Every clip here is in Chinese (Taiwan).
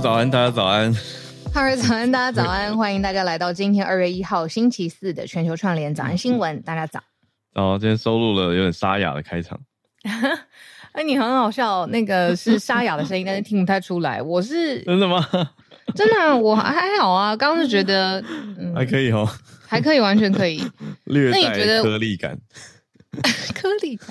早安，大家早安。哈嘍，早安，大家早安。歡迎大家來到今天二月一號星期四的全球串聯早安新聞。大家早。哦，今天收錄了有點沙啞的開場。哈，哎，你很好笑，哦。那個是沙啞的聲音，但是聽不太出來。我是真的嗎？真的，啊，我還好啊。剛剛是覺得、嗯、還可以哦，還可以，完全可以。 那你覺得 顆粒感？顆粒感？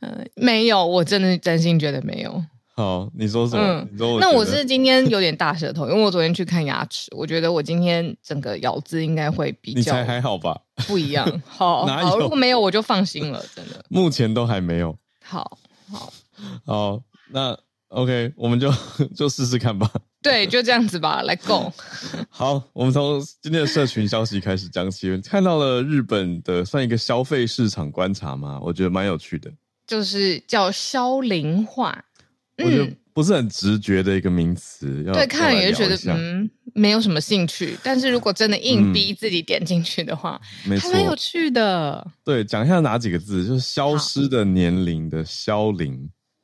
嗯，沒有。我真的真心覺得沒有。好，你說什麼、嗯說？那我是今天有點大舌頭， 因為我昨天去看牙齒，我覺得我今天整個咬字應該會比較你還好吧？ 不一樣好 哪，好，如果沒有我就放心了，真的。 目前都還沒有。好好 好，那 OK，我們就 就試試看吧。 對，就這樣子吧，let's go。好，我們從今天的社群消息開始講起問， 看到了日本的算一個消費市場觀察嗎？我覺得蠻有趣的，就是叫消齡化。我覺得不是很直覺的一個名詞、嗯，對要，看也就覺得嗯，沒有什麼興趣。但是如果真的硬逼自己點進去的話，嗯、沒錯，還蠻有趣的。對，講一下哪幾個字，就是消失的年齡的消齡，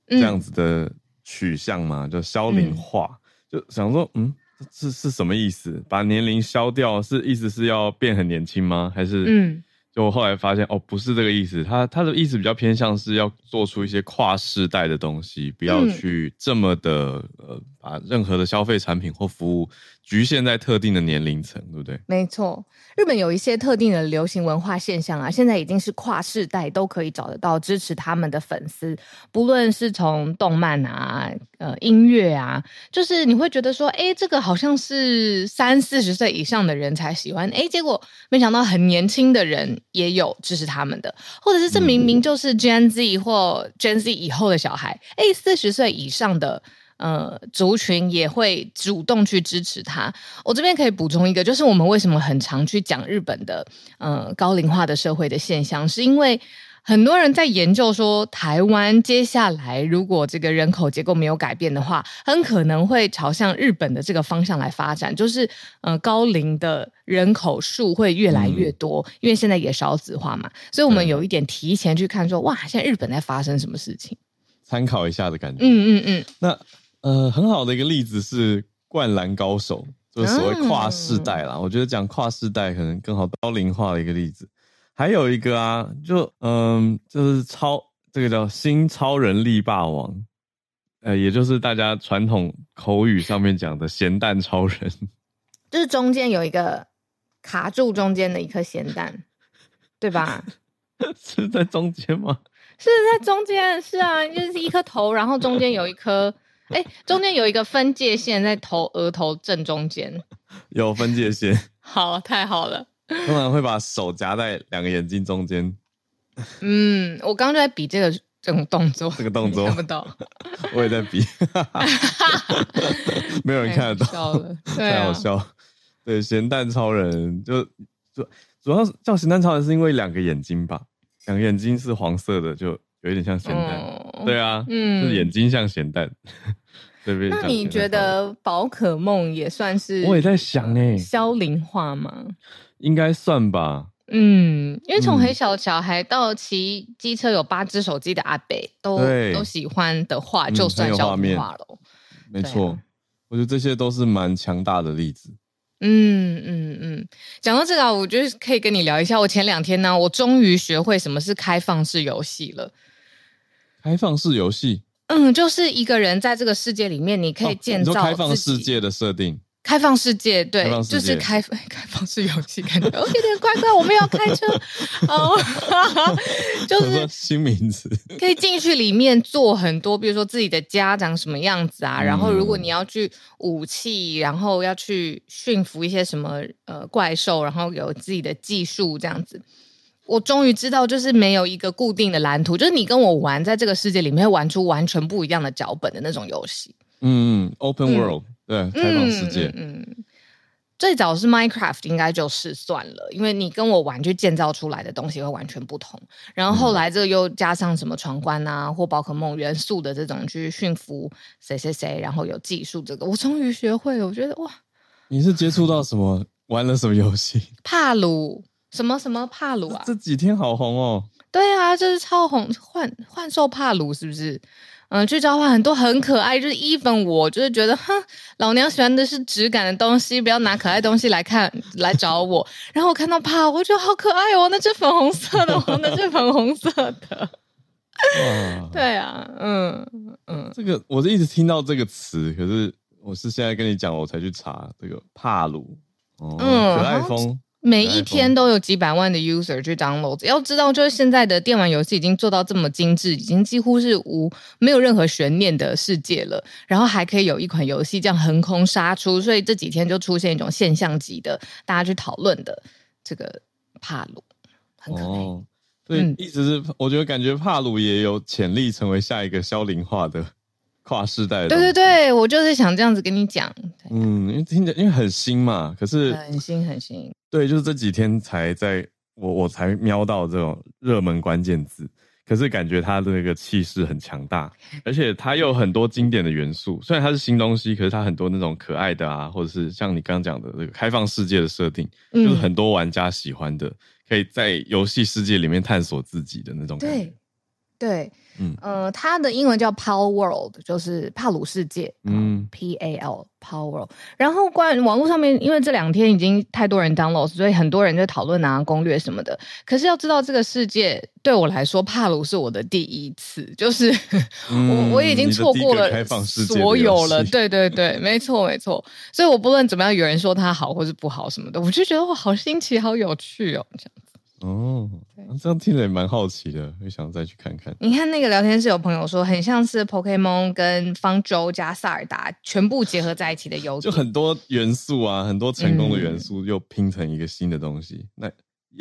這樣子的取向嘛，就消齡化、嗯。就想說，嗯，是是什麼意思？把年齡消掉是意思是要變很年輕嗎？還是嗯？就我後來發現哦，不是這個意思，他他的意思比較偏向是要做出一些跨世代的東西，不要去這麼的、嗯、呃。啊，任何的消費產品或服務局限在特定的年齡層，對不對？沒錯，日本有一些特定的流行文化現象啊，現在已經是跨世代都可以找得到支持他們的粉絲，不論是從動漫啊、呃音樂啊，就是你會覺得說，哎、欸，這個好像是三四十歲以上的人才喜歡，哎、欸，結果沒想到很年輕的人也有支持他們的，或者是這明明就是 Gen Z 或 Gen Z 以後的小孩，哎、嗯，四十歲以上的。呃，族群也會主動去支持他。我、哦，這邊可以補充一個，就是我們為什麼很常去講日本的呃高齡化的社會的現象，是因為很多人在研究說，台灣接下來如果這個人口結構沒有改變的話，很可能會朝向日本的這個方向來發展，就是呃高齡的人口數會越來越多、嗯，因為現在也少子化嘛，所以我們有一點提前去看說，嗯、哇，現在日本在發生什麼事情，參考一下的感覺。嗯嗯嗯，那。呃，很好的一個例子是《灌籃高手》，就是所謂跨世代啦。嗯、我覺得講跨世代可能更好，高齡化的一個例子。還有一個啊，就嗯、呃，就是超這個叫新超人力霸王，呃，也就是大家傳統口語上面講的鹹蛋超人，就是中間有一個卡住中間的一顆鹹蛋， 對吧？是在中間嗎？是在中間，是啊，就是一顆頭， 然後中間有一顆。哎、欸，中間有一個分界線，在頭額頭正中間，有分界線。好，太好了。通常會把手夾在兩個眼睛中間。嗯，我剛剛就在比這個這種動作，這個動作看不懂。 我也在比， 沒有人看得到，太，笑了 太好笑。對、啊，鹹蛋超人就主主要是叫鹹蛋超人，超人是因為兩個眼睛吧，兩個眼睛是黃色的，就有一點像鹹蛋。嗯對啊，嗯，就是、眼睛像鹹蛋，對不對？那你覺得寶可夢也算是？我也在想哎，消齡化嗎？應該算吧。嗯，因為從很小的小孩到騎機車有八隻手機的阿伯都都喜歡的話，就算消齡化了、嗯。沒錯、啊，我覺得這些都是蠻強大的例子。嗯嗯嗯，講、嗯嗯、到這個、啊，我覺得可以跟你聊一下。我前兩天呢、啊，我終於學會什麼是開放式遊戲了。開放式遊戲，嗯，就是一個人在這個世界裡面，你可以建造開放、哦、開放世界的設定。開放世界，對，就是開放開放式遊戲。感覺， oh, 有點怪怪，快，我們要開車哦，oh, 就是新名字，可以進去裡面做很多，比如說自己的家長什麼樣子啊。然後，如果你要去武器，然後要去馴服一些什麼呃怪獸，然後有自己的技術這樣子。我終於知道，就是沒有一個固定的藍圖，就是你跟我玩，在這個世界裡面玩出完全不一樣的腳本的那種遊戲。嗯，open world，嗯對，開放世界嗯嗯。嗯，最早是 Minecraft，應該就是算了，因為你跟我玩，就建造出來的東西會完全不同。然後後來這個又加上什麼闖關啊、嗯，或寶可夢元素的這種，去馴服誰誰誰誰，然後有技術這個，我終於學會了。我覺得哇，你是接觸到什麼？玩了什麼遊戲？帕魯。什麼什麼帕魯啊？這幾天好紅哦！對啊，這是超紅幻幻獸帕魯，是不是？嗯，去召喚很多很可愛，就是 even 我就是覺得，哼，老娘喜歡的是質感的東西，不要拿可愛東西來看 來找我。然後我看到帕，我覺得好可愛哦，那是粉紅色的，的，是粉紅色的。 對啊，嗯嗯，這個我是一直聽到這個詞，可是我是現在跟你講，我才去查這個帕魯、哦、嗯，可愛風。每一天都有幾百萬的 user 去 download。要知道，就是現在的電玩遊戲已經做到這麼精致，已經幾乎是無沒有任何懸念的世界了。然後還可以有一款遊戲這樣橫空殺出，所以這幾天就出現一種現象級的，大家去討論的這個帕魯。很可愛哦，對，意思是我覺得感覺帕魯也有潛力成為下一個消零化的。跨世代的，對對對，我就是想這樣子跟你講、啊。嗯，因為聽着，因為很新嘛，可是、嗯、很新很新。對，就是這幾天才在我我才瞄到這種熱門關鍵字，可是感覺它的那個氣勢很強大，而且它又有很多經典的元素。雖然它是新東西，可是它很多那種可愛的啊，或者是像你剛剛講的那個開放世界的設定，就是很多玩家喜歡的，嗯、可以在遊戲世界裡面探索自己的那種感覺。對對，嗯、呃，他的英文叫 Power World，就是帕魯世界，嗯，P A L Power、World。然後關於網絡上面，因為這兩天已經太多人 download，所以很多人在討論啊攻略什麼的。可是要知道，這個世界對我來說，帕魯是我的第一次，就是我、嗯、 我已經錯過了所有了。對對對，沒錯沒錯。所以，我不論怎麼樣，有人說它好或是不好什麼的，我就覺得哇，好新奇，好有趣哦，這樣。哦，對。這樣聽着也蠻好奇的，會想再去看看。你看那個聊天室，有朋友說，很像是 Pokemon 跟方舟加薩爾達全部結合在一起的遊戲，就很多元素啊，很多成功的元素又拼成一個新的東西，嗯、那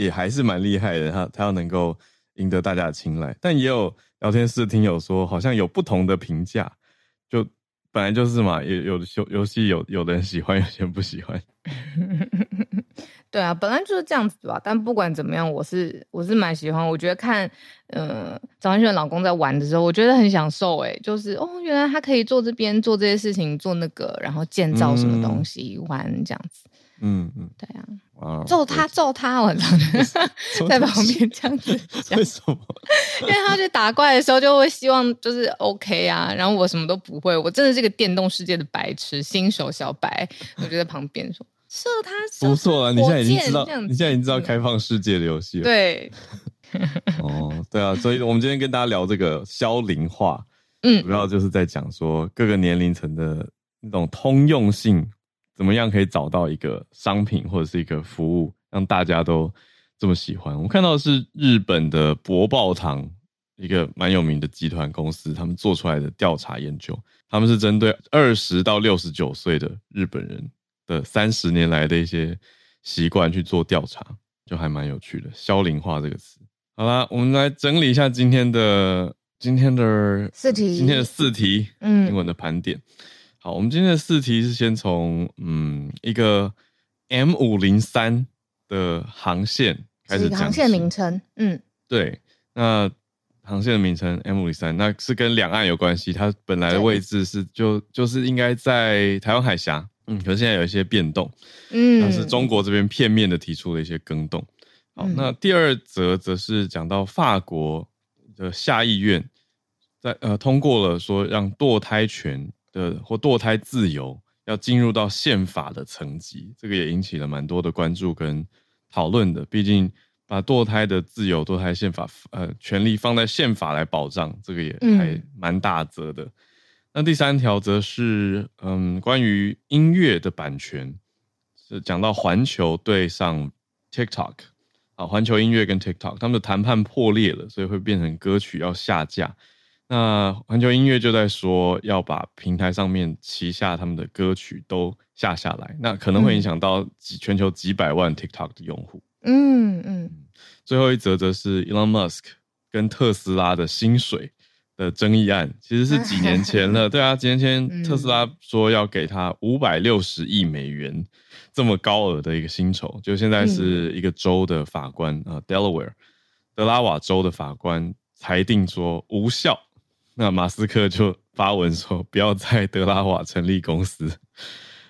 也還是蠻厲害的。他他要能夠贏得大家的青睞，但也有聊天室的聽友說，好像有不同的評價。本來就是嘛，有有的遊戲有有的人喜歡，有些人不喜歡。 對啊，本來就是這樣子吧。但不管怎麼樣，我是我是蠻喜歡。我覺得看，呃，張含萱老公在玩的時候，我覺得很享受。誒就是哦，原來他可以坐這邊做這些事情，做那個，然後建造什麼東西、嗯、玩這樣子。嗯嗯，對呀、啊，wow, okay. 揍他揍他，我站在旁邊這樣子。為什麼？ 因為他去打怪的時候就會希望就是 OK 啊，然後我什麼都不會，我真的是個電動世界的白痴新手小白。我就在旁邊說射：射他，不錯啦，你現在已經知道，你現在已經知道開放世界的遊戲了。對， 哦，對啊，所以我們今天跟大家聊這個消齡化，嗯，主要就是在講說各個年齡層的那種通用性。怎麼樣可以找到一個商品或者是一個服務，讓大家都這麼喜歡？我看到的是日本的博報堂，一個蠻有名的集團公司，他們做出來的調查研究，他們是針對二十到六十九歲的日本人的三十年來的一些習慣去做調查，就還蠻有趣的。消齡化這個詞，好啦，我們來整理一下今天的今天的四題、呃，今天的四題，嗯、英文的盤點。好，我們今天的四題是先從嗯一個 M 五零三的航線開始講。航線名稱，嗯，對，那航線的名稱 M 五零三，那是跟兩岸有關係。它本來的位置是就就是應該在台灣海峽，嗯，可是現在有一些變動，嗯，但是中國這邊片面的提出了一些更動。好，嗯、那第二則則是講到法國的下議院在呃通過了說讓墮胎權。的或墮胎自由要進入到憲法的層級，這個也引起了蠻多的關注跟討論的。畢竟把墮胎的自由、墮胎憲法呃權利放在憲法來保障，這個也還蠻大則的、嗯。那第三條則是嗯，關於音樂的版權，是講到環球對上 TikTok，啊，環球音樂跟 TikTok 他們的談判破裂了，所以會變成歌曲要下架。那環球音樂就在說要把平台上面旗下他們的歌曲都下下來，那可能會影響到幾、嗯、全球幾百萬 TikTok 的用戶。嗯嗯。最後一則則是 Elon Musk 跟特斯拉的薪水的爭議案，其實是幾年前了。 對啊，幾年前特斯拉說要給他五百六十億美元這麼高額的一個薪酬，就現在是一個州的法官啊，Delaware、嗯、德拉瓦州的法官裁定說無效。那馬斯克就發文說，不要在德拉瓦成立公司。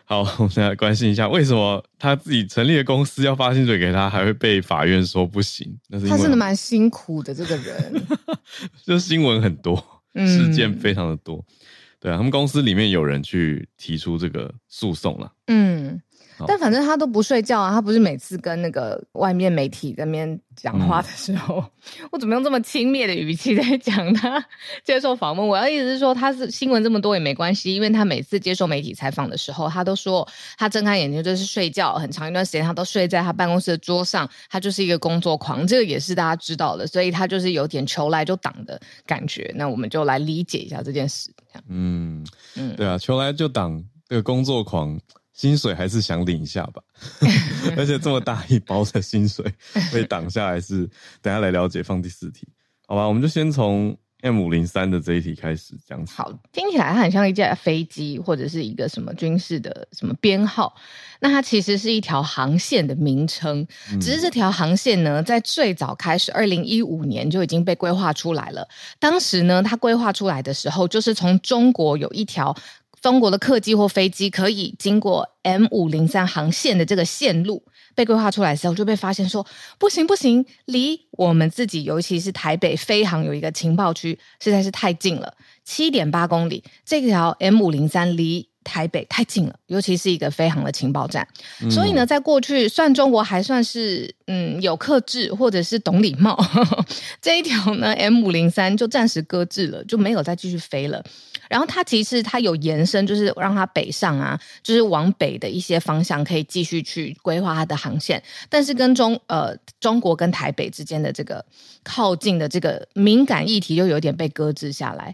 好，我們現在關心一下，為什麼他自己成立的公司要發薪水給他，還會被法院說不行？是他是蠻辛苦的這個人， 就新聞很多，事件非常的多。嗯、對啊，他們公司裡面有人去提出這個訴訟了。嗯。但反正他都不睡覺啊，他不是每次跟那個外面媒體在那邊講話的時候、嗯，我怎麼用這麼輕蔑的語氣在講他接受訪問？我的意思是說，他是新聞這麼多也沒關係，因為他每次接受媒體採訪的時候，他都說他睜開眼睛就是睡覺，很長一段時間他都睡在他辦公室的桌上，他就是一個工作狂，這個也是大家知道的，所以他就是有點求來就擋的感覺。那我們就來理解一下這件事，這樣。嗯，嗯對啊，求來就擋，這個工作狂。薪水還是想領一下吧 而且這麼大一包的薪水被擋下來是，等下來了解放第四題，好吧，我們就先從 M 五零三的這一題開始，講起，好，聽起來它很像一架飛機或者是一個什麼軍事的什麼編號，那它其實是一條航線的名稱，只是這條航線呢，在最早開始二零一五年就已經被規劃出來了，當時呢，它規劃出來的時候，就是從中國有一條。中國的客機或飛機可以經過 M 五零三航線的這個線路被規劃出來的時候，就被發現說不行不行，離我們自己，尤其是台北飛航有一個情報區實在是太近了，七點八公里，這條 M 五零三離。台北太近了，尤其是一個飛航的情報站，嗯、所以呢，在過去算中國還算是嗯有克制或者是懂禮貌呵呵這一條呢，M 五零三，就暫時擱置了，就沒有再繼續飛了。然後它其實它有延伸，就是讓它北上啊，就是往北的一些方向可以繼續去規劃它的航線，但是跟中呃中國跟台北之間的這個靠近的這個敏感議題又有點被擱置下來。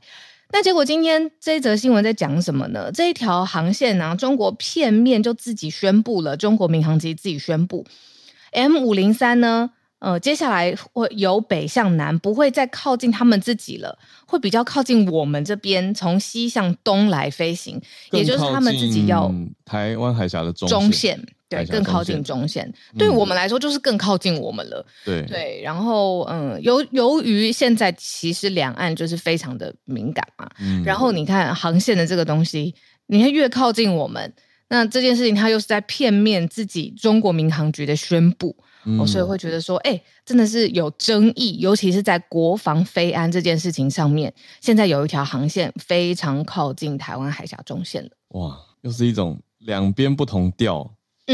那結果今天這一則新聞在講什麼呢？這一條航線呢、啊，中國片面就自己宣佈了，中國民航機自己宣佈，M503 呢，呃，接下來會由北向南，不會再靠近他們自己了，會比較靠近我們這邊，從西向東來飛行，也就是他們自己要台灣海峽的中中線。對，更靠近中線，中線，對我們來說就是更靠近我們了。對、嗯、對，然後嗯，由由於現在其實兩岸就是非常的敏感嘛、嗯，然後你看航線的這個東西，你看越靠近我們，那這件事情它又是在片面自己中國民航局的宣布，我、嗯哦、所以會覺得說，哎、欸，真的是有爭議，尤其是在國防飛安這件事情上面，現在有一條航線非常靠近台灣海峽中線哇，又是一種兩邊不同調。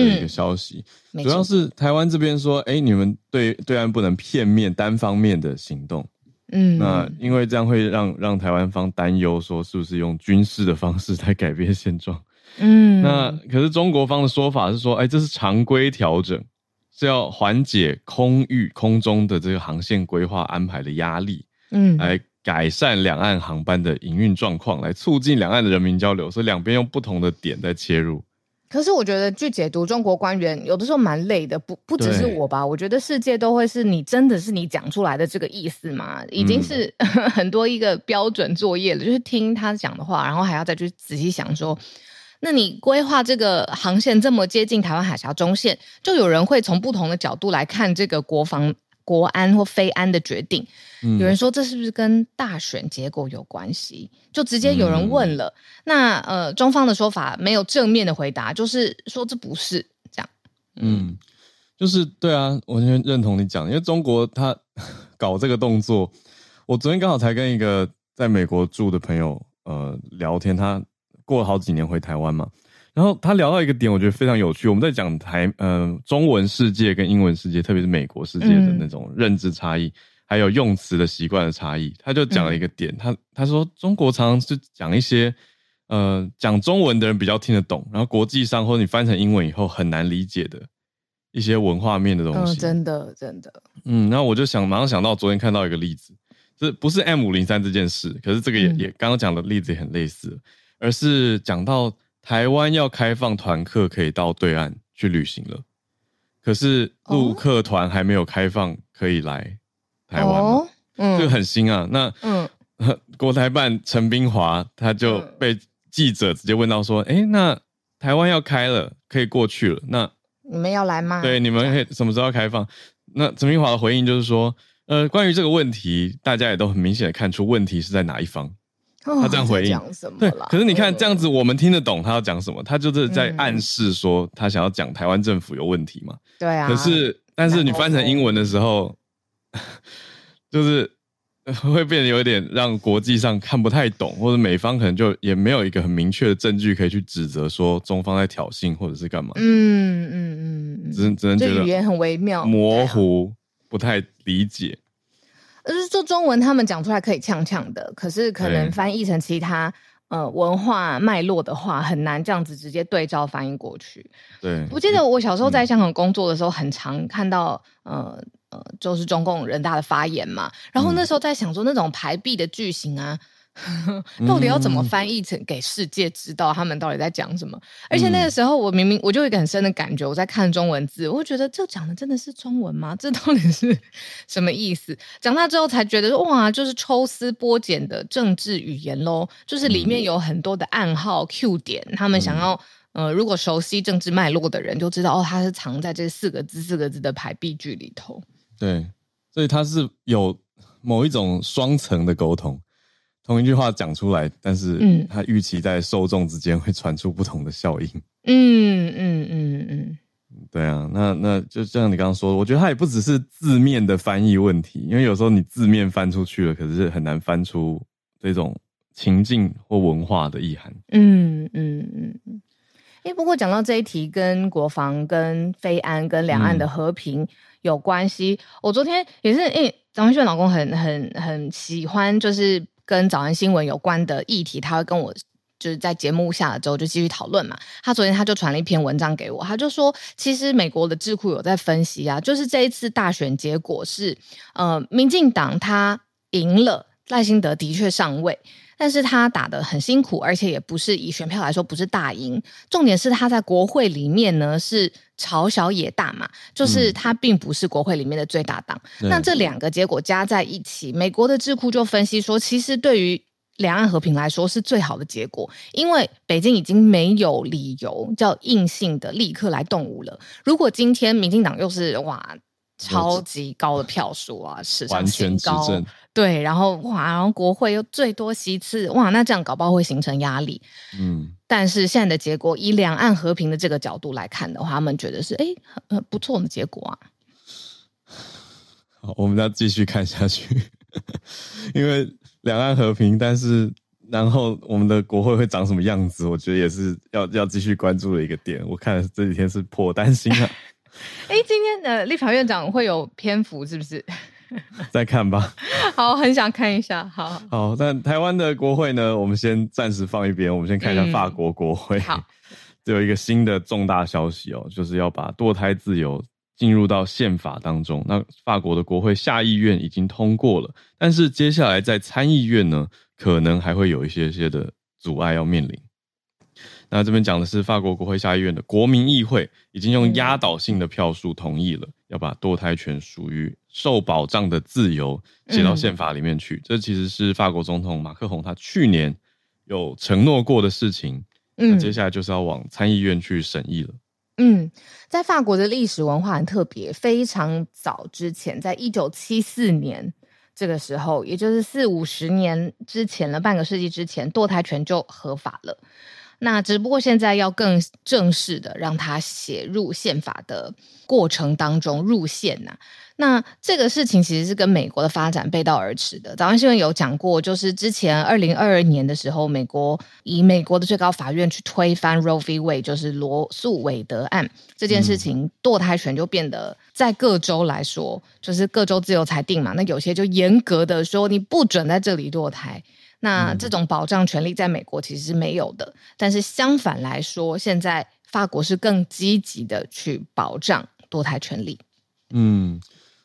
的一個消息，主要是台灣這邊說：“欸，你們對對岸不能片面單方面的行動，嗯，那因為這樣會讓讓台灣方擔憂，說是不是用軍事的方式來改變現狀，嗯，那可是中國方的說法是說，欸，這是常規調整，是要緩解空域空中的這個航線規劃安排的壓力，嗯，來改善兩岸航班的營運狀況，來促進兩岸的人民交流，所以兩邊用不同的點在切入。”可是我覺得去解讀中國官員有的時候蠻累的，不不只是我吧？我覺得世界都會是你真的是你講出來的這個意思嘛？已經是很多一個標準作業了，嗯，就是聽他講的話，然後還要再去仔細想說，那你規劃這個航線這麼接近台灣海峽中線，就有人會從不同的角度來看這個國防，國安或飛安的決定，嗯，有人說這是不是跟大選結果有關係？就直接有人問了。嗯、那呃，中方的說法沒有正面的回答，就是說這不是這樣。嗯，嗯就是對啊，我認同你講，因為中國他搞這個動作。我昨天剛好才跟一個在美國住的朋友呃聊天，他過了好幾年回台灣嘛。然後他聊到一個點，我覺得非常有趣。我們在講台，嗯、呃，中文世界跟英文世界，特別是美國世界的那種認知差異，嗯、還有用詞的習慣的差異。他就講了一個點，嗯、他他說中國常常是講一些，呃，講中文的人比較聽得懂，然後國際上或者你翻成英文以後很難理解的一些文化面的東西。嗯、真的，真的，嗯。然後我就想馬上想到我昨天看到一個例子，這不是 M 五零三這件事，可是這個也、嗯、也剛剛講的例子也很類似，而是講到。台灣要開放團客可以到對岸去旅行了，可是陸客團還沒有開放可以來台灣嘛、哦嗯、就很新啊。那嗯，國台辦陳斌華他就被記者直接問到說：“哎、嗯欸，那台灣要開了，可以過去了，那你們要來嗎？”對，你們可以什麼時候要開放？那陳斌華的回應就是說：“呃，關於這個問題，大家也都很明顯的看出問題是在哪一方。”他這樣回應，哦、對了。可是你看這樣子，我們聽得懂他要講什麼、嗯？他就是在暗示說，他想要講台灣政府有問題嘛？對啊。可是，但是你翻成英文的時候， 就是會變得有點讓國際上看不太懂，或者美方可能就也沒有一個很明確的證據可以去指責說中方在挑釁，或者是幹嘛？嗯嗯嗯，只只能覺得語言很微妙、模糊，啊、不太理解。是就是說中文，他們講出來可以嗆嗆的，可是可能翻譯成其他、欸、呃，文化脈絡的話，很難這樣子直接對照翻譯過去。對，我記得我小時候在香港工作的時候，很常看到、嗯、呃呃，就是中共人大的發言嘛，然後那時候在想說那種排比的句型啊。嗯嗯 到底要怎麼翻譯成給世界知道他們到底在講什麼、嗯？而且那個時候，我明明我就有個很深的感覺，我在看中文字，我會覺得這講的真的是中文嗎？這到底是什麼意思？長大之後才覺得說哇，就是抽絲剝繭的政治語言嘍，就是裡面有很多的暗號、Q 點，嗯、他們想要呃，如果熟悉政治脈絡的人就知道，哦，他是藏在這四個字、四個字的排比句裡頭。對，所以他是有某一種雙層的溝通。同一句話講出來，但是它預期在受眾之間會傳出不同的效應。嗯嗯嗯嗯，對啊，那那就像你剛剛說的，我覺得它也不只是字面的翻譯問題，因為有時候你字面翻出去了，可是很難翻出這種情境或文化的意涵。嗯嗯嗯。哎、嗯欸，不過講到這一題，跟國防、跟飛安、跟兩岸的和平有關係、嗯。我昨天也是，哎、欸，張文萱老公很很很喜歡，就是。跟早安新聞有關的議題，他會跟我就是在節目下了之後就繼續討論嘛。他昨天他就傳了一篇文章給我，他就說，其實美國的智庫有在分析啊，就是這一次大選結果是，呃，民進黨他贏了賴清德的確上位，但是他打得很辛苦，而且也不是以選票來說不是大贏，重點是他在國會裡面呢是。朝小野大嘛，就是他並不是國會裡面的最大黨。嗯。那這兩個結果加在一起，美國的智庫就分析說，其實對於兩岸和平來說是最好的結果，因為北京已經沒有理由叫硬性的立刻來動武了。如果今天民進黨又是哇。超級高的票數啊，是完全執政，對，然後哇，然後國會又最多席次，哇，那這樣搞不好會形成壓力，嗯，但是現在的結果，以兩岸和平的這個角度來看的話，他們覺得是哎、欸，很不錯的結果啊。好，我們要繼續看下去， 因為兩岸和平，但是然後我們的國會會長什麼樣子，我覺得也是要要繼續關注的一個點。我看這幾天是頗擔心啊。 哎、欸，今天的立法院長會有篇幅是不是？再看吧。 好，很想看一下。好，好，好。那台灣的國會呢？我們先暫時放一邊，我們先看一下法國國會。嗯、好，這有一個新的重大消息哦、喔，就是要把墮胎自由進入到憲法當中。那法國的國會下議院已經通過了，但是接下來在參議院呢，可能還會有一些些的阻礙要面臨。那這邊講的是法國國會下議院的國民議會已經用壓倒性的票數同意了，嗯、要把墮胎權屬於受保障的自由寫到憲法裡面去，嗯。這其實是法國總統馬克宏他去年有承諾過的事情，嗯。那接下來就是要往參議院去審議了。嗯，在法國的歷史文化很特別，非常早之前，在一九七四年這個時候，也就是四五十年之前了，半個世紀之前，墮胎權就合法了。那只不過現在要更正式的讓它寫入憲法的過程當中入憲吶、啊，那這個事情其實是跟美國的發展背道而馳的。早安新聞有講過，就是之前二零二二年的時候，美國以美國的最高法院去推翻 Roe v. Wade，就是羅訴韋德案這件事情，墮胎權就變得在各州來說、嗯，就是各州自由裁定嘛。那有些就嚴格的說，你不准在這裡墮胎。那這種保障權利在美國其實是沒有的，嗯、但是相反來說，現在法國是更積極的去保障墮胎權利。嗯，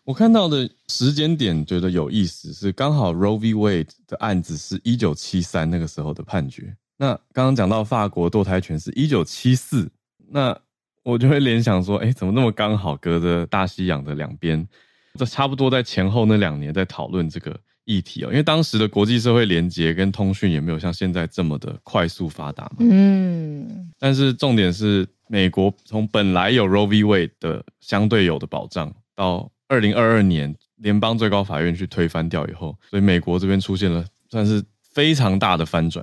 我看到的時間點覺得有意思是，剛好 Roe v. Wade 的案子是一九七三那個時候的判決。那剛剛講到法國墮胎權是一九七四，那我就會聯想說，哎、欸，怎麼那麼剛好隔着大西洋的兩邊？這差不多在前後那兩年在討論這個。議題哦，因為當時的國際社會連接跟通訊也沒有像現在這麼的快速發達嘛。嗯，但是重點是，美國從本來有 Roe v Wade 的相對有的保障，到二零二二年聯邦最高法院去推翻掉以後，所以美國這邊出現了算是非常大的翻轉。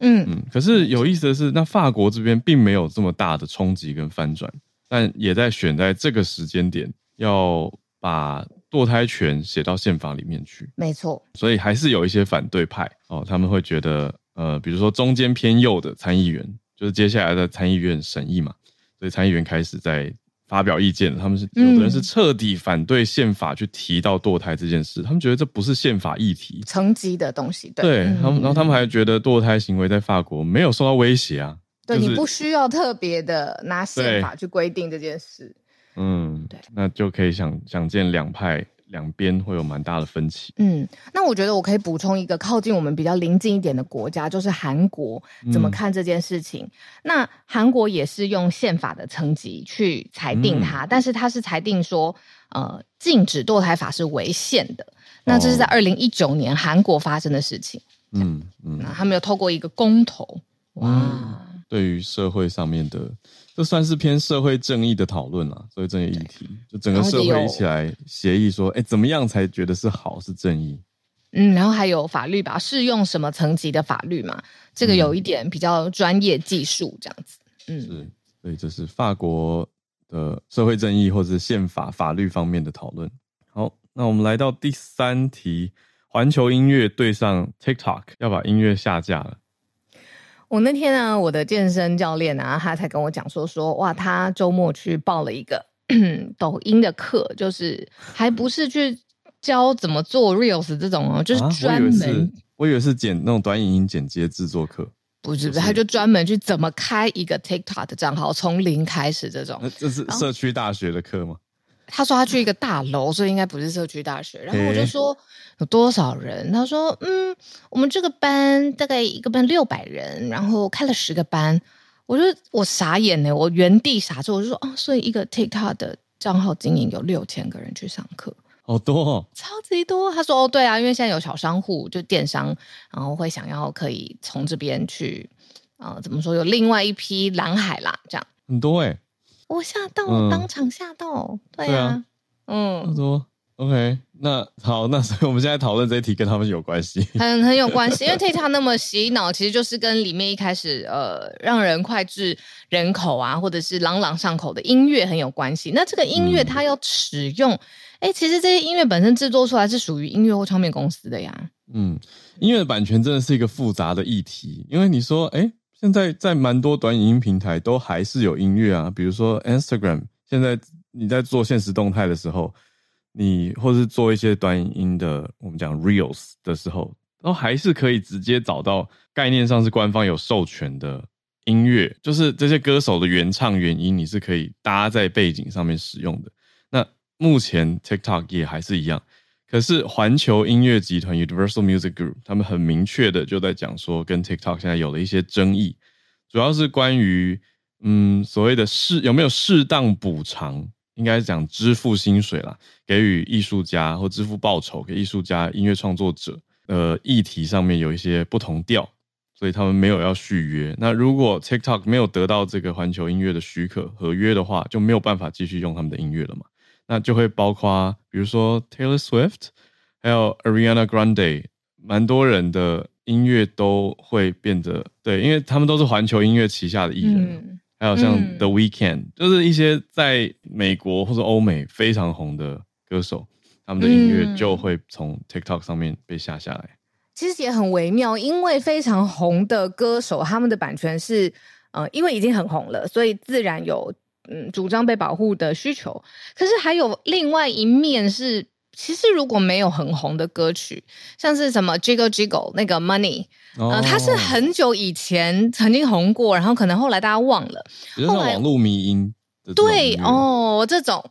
嗯嗯，可是有意思的是，那法國這邊並沒有這麼大的衝擊跟翻轉，但也在選在這個時間點要把。墮胎權寫到憲法裡面去，沒錯。所以還是有一些反對派哦，他們會覺得，呃，比如說中間偏右的參議員，就是接下來的參議院審議嘛，所以參議員開始在發表意見。他們是有的人是徹底反對憲法去提到墮胎這件事，嗯，他們覺得這不是憲法議題，層級的東西。對，對，嗯嗯，他們，然後他們還覺得墮胎行為在法國沒有受到威脅啊，對，就是，你不需要特別的拿憲法去規定這件事。嗯，對，那就可以想想見，兩派兩邊會有蠻大的分歧。嗯，那我覺得我可以補充一個靠近我們比較臨近一點的國家，就是韓國怎麼看這件事情？嗯、那韓國也是用憲法的層級去裁定它、嗯，但是它是裁定說，呃，禁止墮胎法是違憲的。哦，那這是在二零一九年韓國發生的事情。嗯、啊、嗯，那他們有透過一個公投。哇，嗯、對於社會上面的。這算是偏社會正義的討論啦，所以這個議題就整個社會一起來協議說，誒怎麼樣才覺得是好是正義？嗯，然後還有法律吧，適用什麼層級的法律嘛？這個有一點比較專業技術這樣子嗯。嗯，是，所以這是法國的社會正義或者憲法法律方面的討論。好，那我們來到第三題，環球音樂對上 TikTok 要把音樂下架了。我那天呢、啊，我的健身教練啊，他才跟我講說說哇，他周末去報了一個 抖音的課，就是還不是去教怎麼做 reels 這種哦、啊，就是專門、啊我以為是，我以為是剪那種短影音剪輯製作課，不是不是，就是，他就專門去怎麼開一個 TikTok 的賬號，從零開始這種，這是社區大學的課嗎？啊他說他去一個大樓，所以應該不是社區大學。然後我就說有多少人？他說嗯，我們這個班大概一個班六百人，然後開了十個班。我就我傻眼呢，我原地傻住。我就說哦，所以一個 TikTok 的賬號經營有六千個人去上課，好多哦，超級多。他說哦，對啊，因為現在有小商戶就電商，然後會想要可以從這邊去啊、呃，怎麼說有另外一批藍海啦，這樣很多欸。我嚇到，嗯，當場嚇到對，啊。對啊，嗯。他說：“OK，那好，那所以我們現在討論這一題跟他們有關係，很很有關係，因為 TikTok 那麼洗腦， 其實就是跟裡面一開始呃，讓人膾炙人口啊，或者是朗朗上口的音樂很有關係。那這個音樂它要使用，哎、嗯欸，其實這些音樂本身制作出來是屬於音樂或唱片公司的呀。嗯，音樂的版權真的是一個複雜的議題，因為你說，哎、欸。”現在在蠻多短影音平台都還是有音樂啊，比如說 Instagram，現在你在做限時動態的時候，你或是做一些短影音的，我們講 Reels 的時候，都還是可以直接找到概念上是官方有授權的音樂，就是這些歌手的原唱原音，你是可以搭在背景上面使用的。那目前 TikTok 也還是一樣。可是環球音樂集團 Universal Music Group，他們很明確的就在講說，跟 TikTok 現在有了一些爭議，主要是關於嗯所謂的適有沒有適當補償，應該是講支付薪水啦，給予藝術家或支付報酬給藝術家、音樂創作者，呃，議題上面有一些不同調，所以他們沒有要續約。那如果 TikTok 沒有得到這個環球音樂的許可合約的話，就沒有辦法繼續用他們的音樂了嘛？那就會包括，比如說 Taylor Swift，還有 Ariana Grande，蠻多人的音樂都會變得對，因為他們都是環球音樂旗下的藝人、嗯，還有像 The、嗯、Weeknd，就是一些在美國或者歐美非常紅的歌手，他們的音樂就會從 TikTok 上面被下下來。其實也很微妙，因為非常紅的歌手，他們的版權是，呃，因為已經很紅了，所以自然有。嗯，主張被保護的需求，可是還有另外一面是，其實如果沒有很紅的歌曲，像是什麼《Jiggle Jiggle》那個《Money》，oh.，呃，它是很久以前曾經紅過，然後可能後來大家忘了，後來網絡迷音。對哦，這種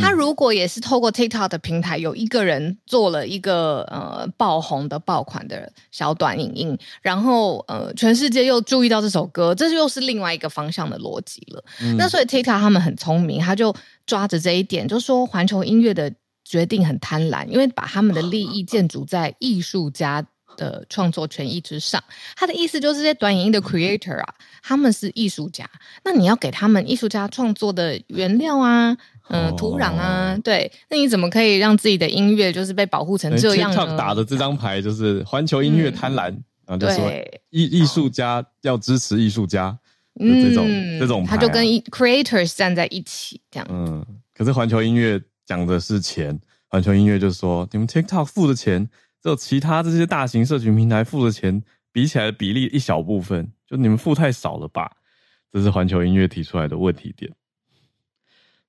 他如果也是透過 TikTok 的平台，嗯、有一個人做了一個呃爆紅的爆款的小短影音，然後呃全世界又注意到這首歌，這又是另外一個方向的邏輯了、嗯。那所以 TikTok 他們很聰明，他就抓着這一點，就說環球音樂的決定很貪婪，因為把他們的利益建築在藝術家。.的創作權益之上，他的意思就是這些短影音的 creator 啊、嗯，他們是藝術家，那你要給他們藝術家創作的原料啊，嗯，土壤啊，哦、對，那你怎麼可以讓自己的音樂就是被保護成這樣呢？欸、TikTok 打的這張牌就是環球音樂貪婪，然、嗯、後、啊、就是、說藝藝術家要支持藝術家嗯這，這種這種牌、啊，他就跟 creators 站在一起這樣。嗯，可是環球音樂講的是錢，環球音樂就是說你們 TikTok 付的錢。就其他這些大型社群平台付的錢比起來的比例一小部分，就你們付太少了吧？這是環球音樂提出來的問題點，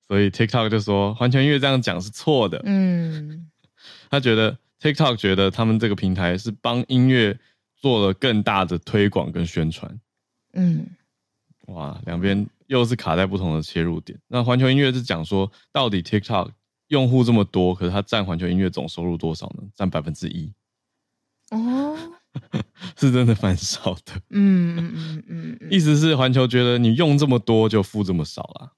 所以 TikTok 就說環球音樂這樣講是錯的。嗯， 他覺得 TikTok 覺得他們這個平台是幫音樂做了更大的推廣跟宣傳。嗯，哇，兩邊又是卡在不同的切入點。那環球音樂是講說到底 TikTok。用戶這麼多，可是他占環球音樂總收入多少呢？占百分之一，哦，oh. 是真的蠻少的。嗯嗯嗯嗯，嗯 意思是環球覺得你用這麼多就付這麼少啦？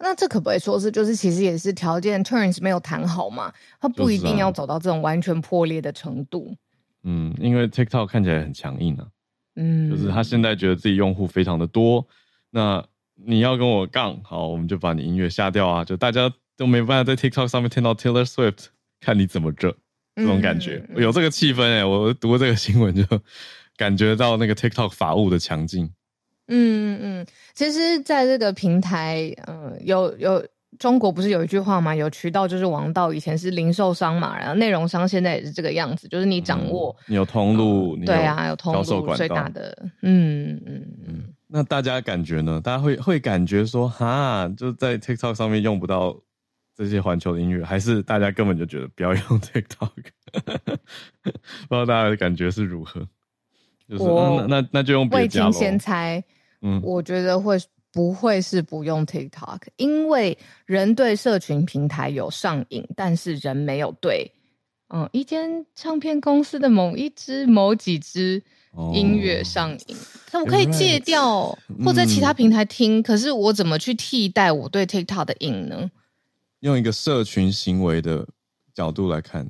那這可不可以說是就是其實也是條件 terms 沒有談好嘛？他不一定要走到這種完全破裂的程度。就是啊、嗯，因為 TikTok 看起來很強硬啊。嗯，就是他現在覺得自己用戶非常的多，那你要跟我槓，好，我們就把你音樂下掉啊！就大家。都沒辦法在 TikTok 上面聽到 Taylor Swift，看你怎麼着，這種感覺、嗯、有這個氣氛哎、欸！我讀過這個新聞就感覺到那個 TikTok 法務的強勁。嗯嗯，其實在這個平台，嗯、呃，有有中國不是有一句話嗎？有渠道，就是王道。以前是零售商嘛，然後內容商現在也是這個樣子，就是你掌握、嗯、你有通路，呃、你對啊，有通路管最大的，嗯嗯嗯。那大家感覺呢？大家會會感覺說，哈，就在 TikTok 上面用不到這些環球的音樂還是大家根本就覺得不要用 TikTok， 不知道大家的感覺是如何。就是我、嗯、那那那就用別的未聽先猜。嗯，我覺得會不會是不用 TikTok？因為人對社群平台有上癮，但是人沒有對嗯一間唱片公司的某一支某幾支音樂上癮，哦、但我可以戒掉，right、或者在其他平台聽、嗯。可是我怎麼去替代我對 TikTok 的癮呢？用一個社群行為的角度來看，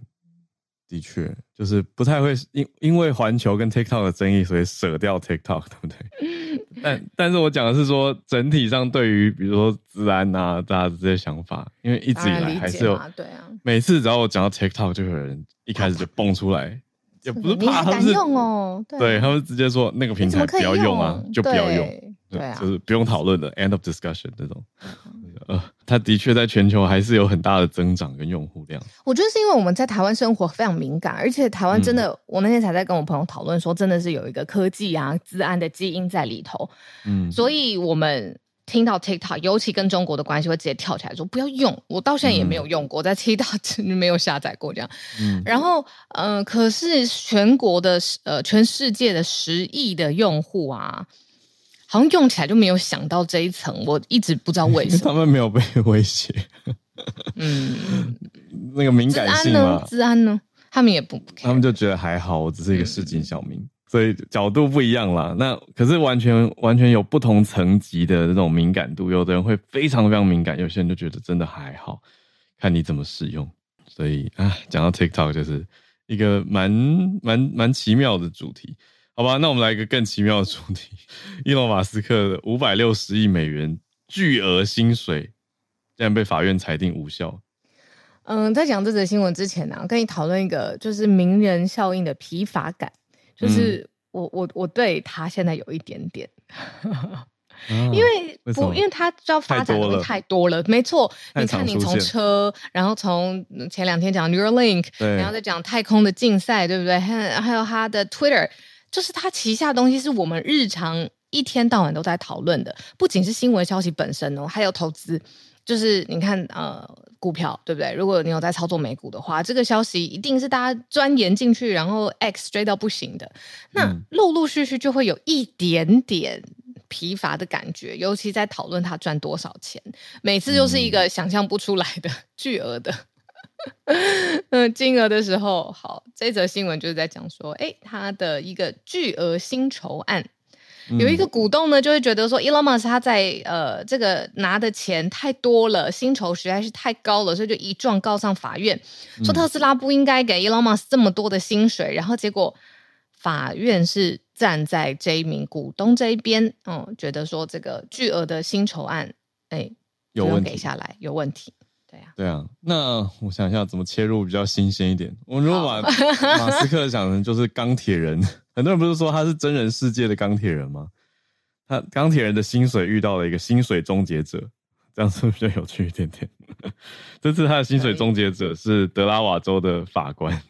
的確就是不太會因因為環球跟 TikTok 的爭議，所以舍掉 TikTok，對不對？ 但但是我講的是說，整體上對於比如說資安啊，大家這些想法，因為一直以來還是有對啊。每次只要我講到 TikTok，就有人一開始就蹦出來，也不是怕，他們用哦，對啊，他們，對，他們直接說那個平台不要用啊，用啊就不要用。對啊，就是不用討論的，end of discussion 這種、嗯，呃，它的確在全球還是有很大的增長跟用戶量。我覺得是因為我們在台灣生活非常敏感，而且台灣真的、嗯，我那天才在跟我朋友討論說，真的是有一個科技啊、資安的基因在裡頭，嗯，所以我們聽到 TikTok，尤其跟中國的關係，會直接跳起來說不要用。我到現在也沒有用過，嗯、在 TikTok 真的沒有下載過這樣。嗯，然後呃，可是全國的呃，全世界的十億的用戶啊。好像用起來就沒有想到這一層，我一直不知道為什麼，因為他們沒有被威脅。 嗯，那個敏感性嗎？治安呢？治安呢？他們也不，不，他們就覺得還好，我只是一個市井小民，嗯，所以角度不一樣了。那可是完全完全有不同層級的那種敏感度，有的人會非常非常敏感，有些人就覺得真的還好，看你怎麼使用。所以啊，講到 TikTok，就是一個蠻蠻蠻奇妙的主題。好吧，那我們來一個更奇妙的主題：伊隆·馬斯克的五百六十億美元巨額薪水竟然被法院裁定無效。嗯，在講這則新聞之前呢、啊，我跟你討論一個，就是名人效應的疲乏感，就是我、嗯、我我對他現在有一點點，啊、因為不，為因為他要發展的東西太，太多了，沒錯。你看，你從車，然後從前兩天講 Neuralink，然後再講太空的競賽，對不對？還還有他的 Twitter。就是它旗下東西是我們日常一天到晚都在討論的，不僅是新聞消息本身哦，還有投資。就是你看，呃，股票對不對？如果你有在操作美股的話，這個消息一定是大家鑽研進去，然後 X 追到不行的。那陸陸續續續就會有一點點疲乏的感覺，尤其在討論它賺多少錢，每次就是一個想象不出來的巨額的。嗯， 金額的時候，好，這則新聞就是在講說，哎、欸，他的一個巨額薪酬案，嗯、有一個股東呢，就會覺得說伊隆馬斯他在呃這個拿的錢太多了，薪酬實在是太高了，所以就一狀告上法院，說特斯拉不應該給伊隆馬斯這麼多的薪水，嗯，然後結果法院是站在這一名股東這一邊，嗯，覺得說這個巨額的薪酬案，哎、欸，有問題給下來有問題。對啊，那我想一下怎麼切入比較新鮮一點。我們如果把馬、oh. 馬斯克想成就是鋼鐵人， 很多人不是說他是真人世界的鋼鐵人嗎？他鋼鐵人的薪水遇到了一個薪水終結者，這樣是不是比較有趣一點點？ 這次他的薪水終結者是德拉瓦州的法官，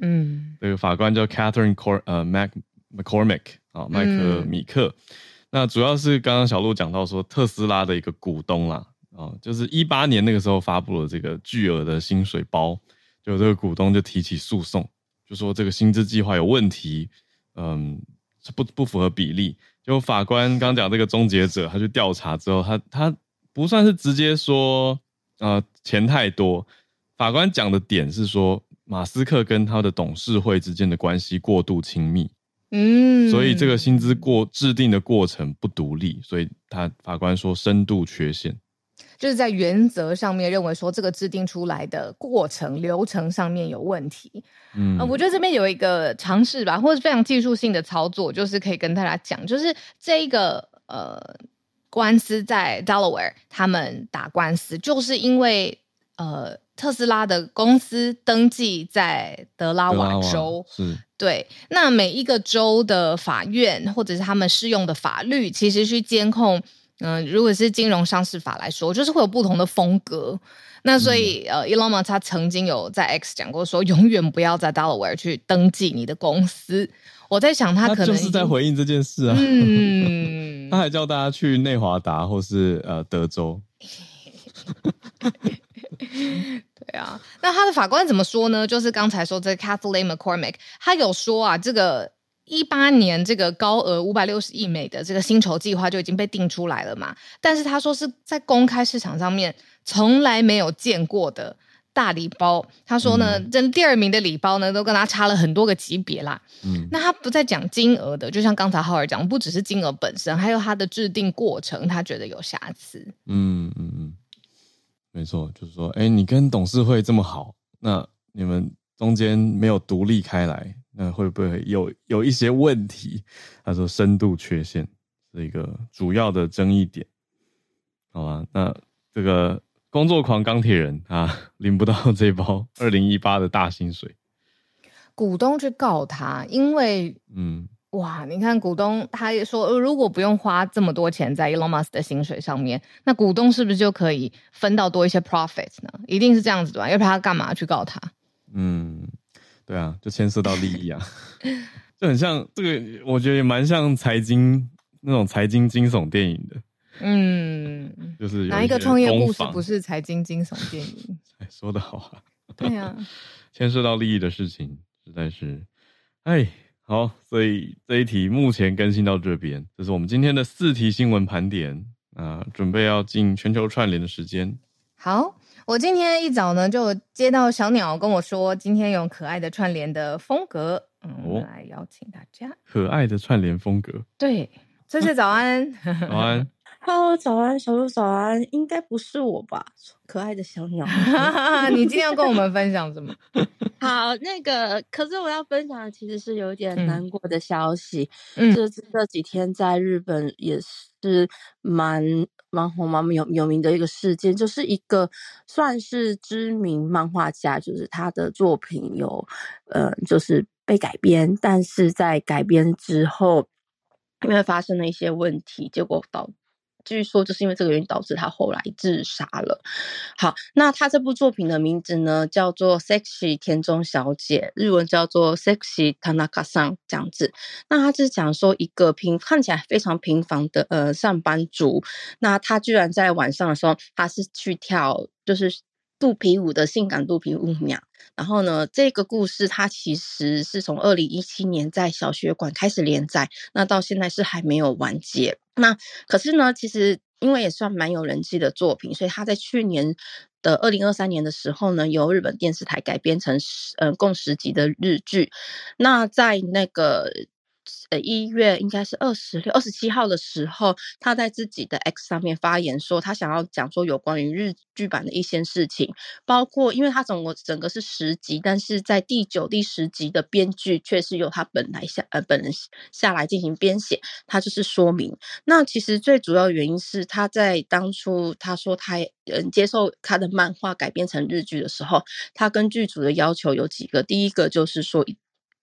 嗯，這個法官叫 Catherine Cor 呃，Mac McCormick，啊、哦，麥克米克、嗯。那主要是剛剛小鹿講到說特斯拉的一個股東啦。啊、哦，就是一八年那個時候發布了這個巨額的薪水包，就這個股東就提起訴訟，就說這個薪資計劃有問題，嗯，不不符合比例。就法官剛講這個終結者，他去調查之後，他他不算是直接說啊、呃、錢太多，法官講的點是說馬斯克跟他的董事會之間的關係過度親密，嗯，所以這個薪資過制定的過程不獨立，所以他法官說深度缺陷。就是在原則上面認為說這個制定出來的過程流程上面有問題，嗯，啊，我覺得這邊有一個嘗試吧，或者非常技術性的操作，就是可以跟大家講，就是這個呃，官司在 Delaware 他們打官司，就是因為呃，特斯拉的公司登記在德拉瓦州，瓦是對，那每一個州的法院或者是他們適用的法律，其實去監控。嗯、呃，如果是金融上市法來說，就是會有不同的風格。那所以，嗯、呃，Elon Musk 他曾經有在 X 講過說，永遠不要在 Delaware 去登記你的公司。我在想，他可能他就是在回應這件事啊。嗯， 他還叫大家去內華達或是呃德州。 對啊，那他的法官怎麼說呢？就是剛才說這 Kathleen McCormick，他有說啊，這個。一八年這個高額五百六十億美的這個薪酬計劃就已經被定出來了嘛？但是他說是在公開市場上面從來沒有見過的大禮包。他說呢，嗯、跟第二名的禮包呢都跟他差了很多個級別啦。嗯，那他不再講金額的，就像剛才浩爾講，不只是金額本身，還有他的制定過程，他覺得有瑕疵。嗯嗯嗯，沒錯，就是說，哎、欸，你跟董事會這麼好，那你們中間沒有獨立開來。那、呃、會不會有有一些問題？他說深度缺陷是一個主要的爭議點，好吧？那這個工作狂鋼鐵人啊，他領不到這一包二零一八的大薪水。股東去告他，因為嗯，哇，你看股東他也說如果不用花這麼多錢在 Elon Musk 的薪水上面，那股東是不是就可以分到多一些 profit 呢？一定是這樣子的吧？要不然他幹嘛去告他？嗯。對啊，就牽涉到利益啊， 就很像這個，我覺得也蠻像財經那種財經驚悚電影的。嗯， 就是一哪一個創業故事不是財經驚悚電影？說的好啊！對啊，牽 涉到利益的事情實在是，哎，好，所以這一題目前更新到這邊，這、就是我們今天的四題新聞盤點啊、呃，準備要進全球串聯的時間。好。我今天一早呢，就接到小鳥跟我說，今天有可愛的串聯的風格，嗯、哦，我來邀請大家可愛的串聯風格。對，謝謝早安，早安 哈嘍，早安，小鹿早安，應該不是我吧？可愛的小鳥， 你今天要跟我們分享什麼？ 好，那個，可是我要分享的其實是有點難過的消息，嗯、就是這幾天在日本也是蠻。蠻紅蠻有有名的一個事件，就是一個算是知名漫畫家，就是他的作品有，呃，就是被改編，但是在改編之後，因為發生了一些問題，結果導。據說就是因為這個原因導致他後來自殺了。好，那他這部作品的名字呢，叫做《Sexy 田中小姐》，日文叫做《Sexy Tanaka-san》這樣子。那他就是講說一個平看起來非常平凡的呃上班族，那他居然在晚上的時候，他是去跳就是肚皮舞的性感肚皮舞娘。然後呢，這個故事它其實是從二零一七年在小學館開始連載，那到現在是還沒有完結。那可是呢，其實因為也算蠻有人氣的作品，所以他在去年的二零二三年的時候呢，由日本電視台改編成，十、嗯、呃，共十集的日劇。那在那個。呃，一月應該是二十六、二十七號的時候，他在自己的 X 上面發言說，他想要講說有關於日劇版的一些事情，包括因為他整個整個是十集，但是在第九、第十集的編劇卻是由他本來下、呃本人下來進行編寫，他就是說明。那其實最主要原因是他在當初，他說他嗯接受他的漫畫改編成日劇的時候，他跟劇組的要求有幾個，第一個就是說，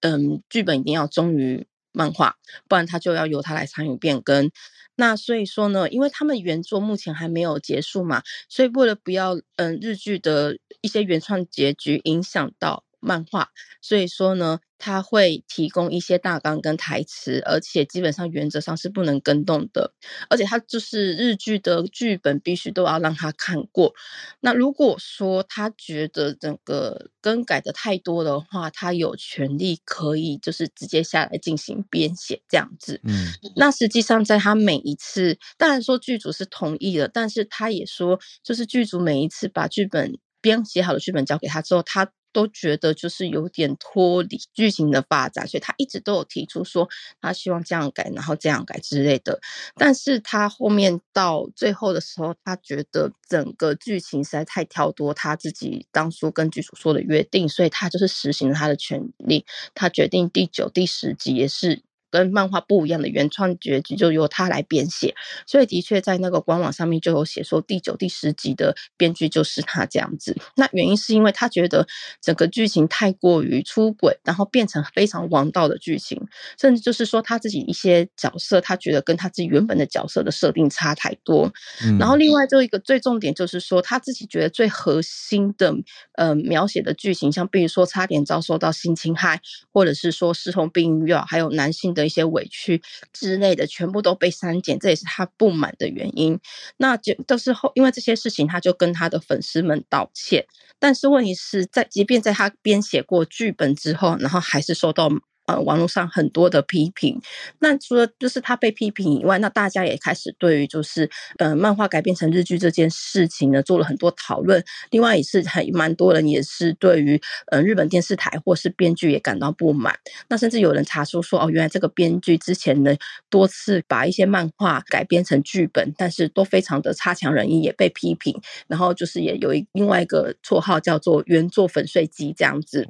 嗯，劇本一定要忠於。漫畫，不然他就要由他來參與變更。那所以說呢，因為他們原作目前還沒有結束嘛，所以為了不要嗯日劇的一些原創結局影響到漫畫，所以說呢。他會提供一些大綱跟台詞，而且基本上原則上是不能更動的。而且他就是日劇的劇本必須都要讓他看過。那如果說他覺得整個更改的太多的話，他有權利可以就是直接下來進行編寫這樣子。嗯，那實際上在他每一次，當然說劇組是同意了，但是他也說就是劇組每一次把劇本編寫好的劇本交給他之後，他。都覺得就是有點脫離劇情的發展，所以他一直都有提出說他希望這樣改，然後這樣改之類的。但是他後面到最後的時候，他覺得整個劇情實在太跳脫他自己當初跟劇組說的約定，所以他就是實行了他的權利，他決定第九、第十集也是。跟漫畫不一樣的原創結局就由他來編寫，所以的確在那個官網上面就有寫說第九、第十集的編劇就是他這樣子。那原因是因為他覺得整個劇情太過於出軌，然後變成非常王道的劇情，甚至就是說他自己一些角色，他覺得跟他自己原本的角色的設定差太多。然後另外就一個最重點就是說他自己覺得最核心的呃描寫的劇情，像比如說差點遭受到性侵害，或者是說事後避孕藥啊，還有男性的。一些委屈之類的，全部都被刪減，這也是他不滿的原因。那就都是後，因為這些事情，他就跟他的粉絲們道歉。但是問題是在，即便在他編寫過劇本之後，然後還是受到。呃，網絡上很多的批評。那除了就是他被批評以外，那大家也開始對於就是呃漫畫改編成日劇這件事情呢，做了很多討論。另外也是很蠻多人也是對於呃日本電視台或是編劇也感到不滿。那甚至有人查出說，哦，原來這個編劇之前呢多次把一些漫畫改編成劇本，但是都非常的差強人意，也被批評。然後就是也有一另外一個綽號叫做“原作粉碎機”這樣子。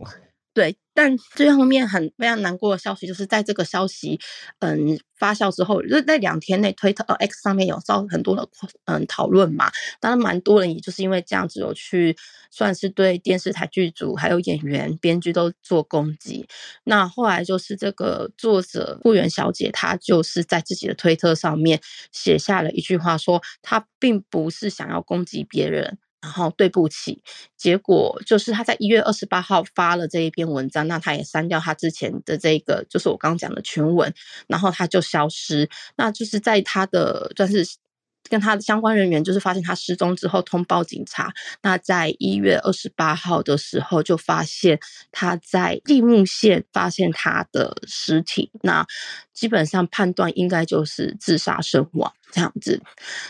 對，但最後面很非常難過的消息就是，在這個消息嗯發酵之後，就那在兩天內，推特呃 X 上面有造很多的嗯討論嘛，當然蠻多人也就是因為這樣子有去算是對電視台劇組還有演員編劇都做攻擊。那後來就是這個作者蘆原小姐，她就是在自己的推特上面寫下了一句話說，說她並不是想要攻擊別人。然後對不起。結果就是他在一月二十八號發了這一篇文章，那他也刪掉他之前的這個，就是我剛剛講的全文，然後他就消失，那就是在他的但是。跟他的相關人員就是發現他失蹤之後通報警察，那在一月二十八號的時候就發現他在栃木縣，發現他的屍體，那基本上判斷應該就是自殺身亡這樣子。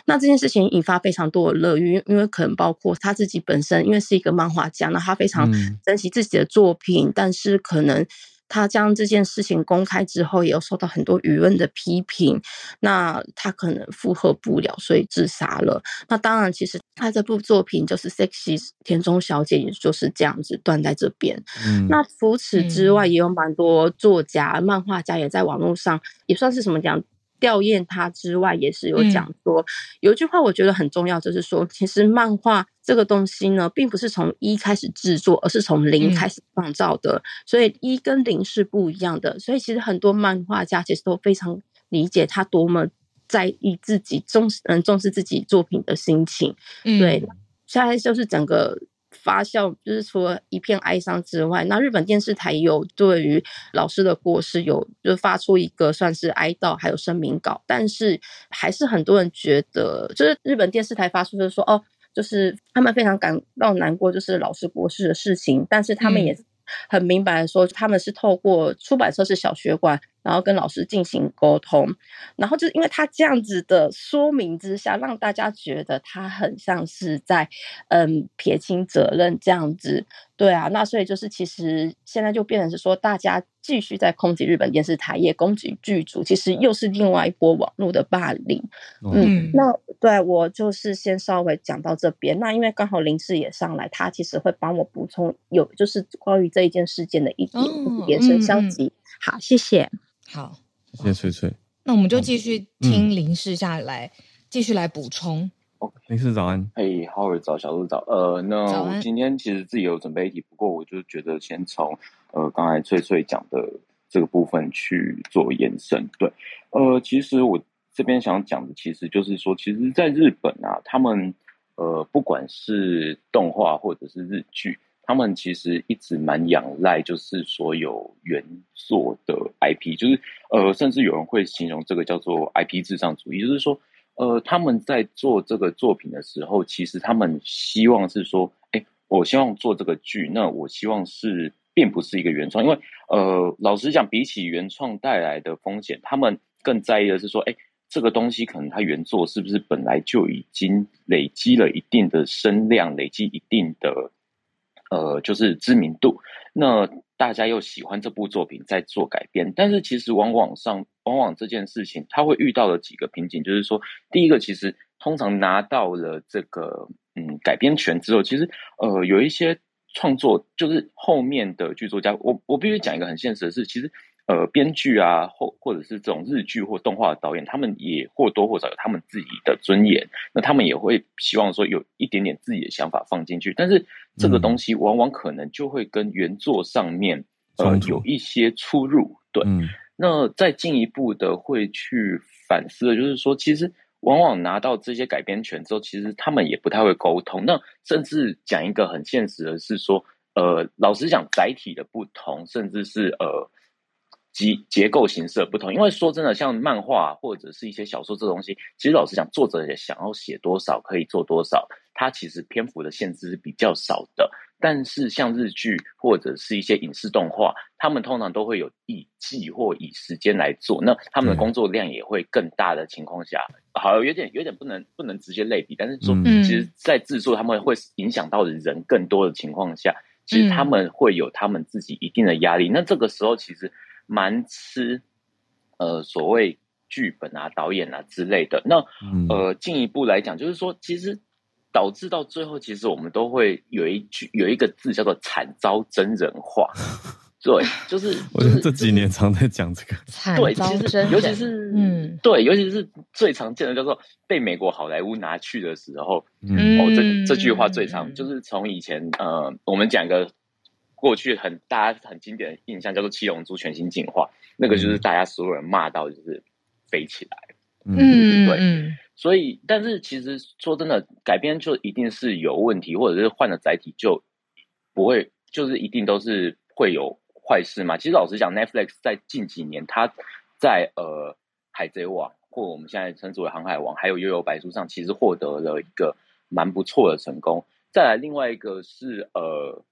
那這件事情引發非常多的熱議，因為可能包括他自己本身，因為是一個漫畫家，那他非常珍惜自己的作品，嗯、但是可能。他將這件事情公開之後，也受到很多輿論的批評。那他可能負荷不了，所以自殺了。那當然，其實他這部作品就是《Sexy 田中小姐》，也就是這樣子斷在這邊。嗯，那除此之外，也有蠻多作家、嗯，漫畫家也在網絡上，也算是什麼講。吊唁他之外，也是有講說、嗯，有一句話我覺得很重要，就是說，其實漫畫這個東西呢，並不是從一開始制作，而是從零開始創造的，所以一跟零是不一樣的。所以其實很多漫畫家其實都非常理解他多麼在意自己重視，嗯，重視自己作品的心情。對，現在就是整個。發酵，就是除了一片哀傷之外，那日本電視台有對於老師的過世有就發出一個算是哀悼，還有聲明稿，但是還是很多人覺得，就是日本電視台發出就是說哦，就是他們非常感到難過，就是老師過世的事情，但是他們也很明白說他們是透過出版社是小學館。然後跟老師進行溝通，然後就是因為他這樣子的說明之下，讓大家覺得他很像是在嗯撇清責任這樣子，對啊，那所以就是其實現在就變成是說，大家繼續在攻擊日本電視台也攻擊劇組，其實又是另外一波網絡的霸凌。嗯，嗯那對我就是先稍微講到這邊。那因為剛好零式也上來，他其實會幫我補充有就是關於這一件事件的一點，就是延伸消息好，謝謝。好，謝謝翠翠。那我們就繼續聽零式下來，嗯，繼續來補充。哦，零式早安。Hey, Howie 早，小鹿早。呃，那，no, 我今天其實自己有準備一題，不過我就覺得先從呃剛才翠翠講的這個部分去做延伸。對，呃，其實我這邊想講的其實就是說，其實，在日本啊，他們呃，不管是動畫或者是日劇。他們其實一直蠻仰賴，就是說有原作的 IP，就是呃，甚至有人會形容這個叫做 IP 至上主義，就是說，呃，他們在做這個作品的時候，其實他們希望是說，哎，我希望做這個劇，那我希望是並不是一個原創，因為呃，老實講，比起原創帶來的風險，他們更在意的是說，哎，這個東西可能它原作是不是本來就已經累積了一定的聲量，累積一定的。呃，就是知名度，那大家又喜歡這部作品，再做改編，但是其實往往上，往往這件事情，它會遇到的幾個瓶頸，就是說，第一個，其實通常拿到了這個嗯改編權之後，其實呃，有一些創作，就是後面的劇作家，我我必須講一個很現實的事，其實。呃，編劇啊，或或者是這種日劇或動畫的導演，他們也或多或少有他們自己的尊嚴，那他們也會希望說有一點點自己的想法放進去。但是這個東西往往可能就會跟原作上面、嗯、呃有一些出入。對，嗯、那再進一步的會去反思的就是說，其實往往拿到這些改編權之後，其實他們也不太會溝通。那甚至講一個很現實的是說，呃，老實講，載體的不同，甚至是呃。及結構形式的不同，因為說真的，像漫畫或者是一些小說這種東西，其實老實講，作者也想要寫多少可以做多少，它其實篇幅的限制是比較少的。但是像日劇或者是一些影視動畫，他們通常都會有以季或以時間來做，那他們的工作量也會更大的情況下，好，有點有點不能不能直接類比，但是說，其實在制作他們會影響到的人更多的情況下，其實他們會有他們自己一定的壓力。那這個時候，其實。蠻吃，呃，所謂劇本啊、導演啊之類的。那、嗯、呃，進一步來講，就是說，其實導致到最後，其實我們都會有一句有一個字叫做“慘遭真人化”。 對，就是，就是、我覺得這幾年常在講這個。慘遭真人化。其實尤其是嗯，對，尤其是最常見的叫做、就是、被美國好萊塢拿去的時候，嗯，哦，這這句話最常就是從以前呃，我們講一個。過去很大家很經典的印象叫做《七龍珠》全新進化，那個就是大家所有人罵到就是飛起來，嗯，對，對，嗯嗯。所以，但是其實說真的，改編就一定是有問題，或者是換了載體就不會，就是一定都是會有壞事嘛。其實老實講，Netflix 在近幾年，它在呃《海賊王》或我們現在稱之為《航海王》，還有《悠悠白書》上，其實獲得了一個蠻不錯的成功。再來，另外一個是呃。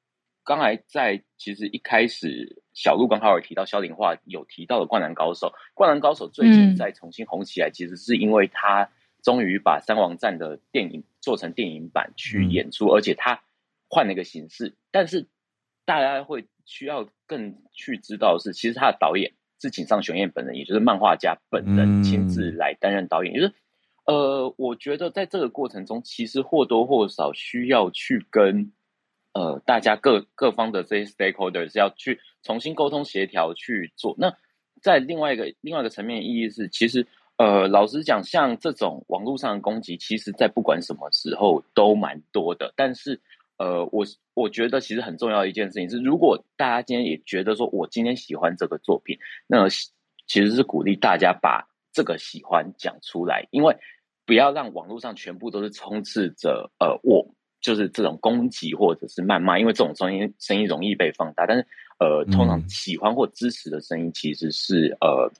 剛才在其實一開始，小鹿跟浩爾提到蕭鼎話有提到的灌《灌籃高手》，《灌籃高手》最近在重新紅起來，其實是因為他終於把山王戰的電影做成電影版去演出，而且他換了一個形式。但是大家會需要更去知道的是，其實他的導演是井上雄彦本人，也就是漫畫家本人親自來擔任導演。嗯、就是呃，我覺得在這個過程中，其實或多或少需要去跟。呃，大家各各方的這些 stakeholders 是要去重新溝通協調去做。那在另外一個另外一個層面意義是，其實呃，老實講，像這種網絡上的攻擊，其實在不管什麼時候都蠻多的。但是呃，我我覺得其實很重要的一件事情是，如果大家今天也覺得說我今天喜歡這個作品，那其實是鼓勵大家把這個喜歡講出來，因為不要讓網絡上全部都是充斥着呃我。就是這種攻擊或者是謾罵，因為這種聲音聲音容易被放大，但是呃，通常喜歡或支持的聲音其實是、嗯、呃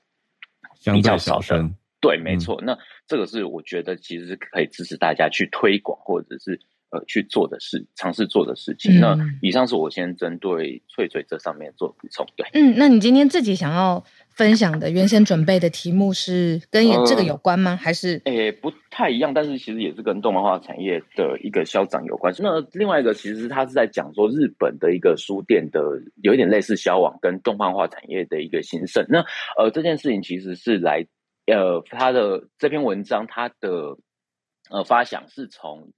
比較少的。對，沒錯、嗯，那這個是我覺得其實是可以支持大家去推廣或者是。呃，去做的事嘗試做的事情、嗯。那以上是我先針對翠翠這上面做補充。對，嗯，那你今天自己想要分享的，原先準備的題目是跟這個有關嗎？呃、還是誒、欸，不太一樣，但是其實也是跟動漫化產業的一個消長有關係。那另外一個，其實是他是在講說日本的一個書店的有一點類似消亡，跟動漫化產業的一個興盛。那呃，這件事情其實是來呃，他的這篇文章，他的呃發想是從。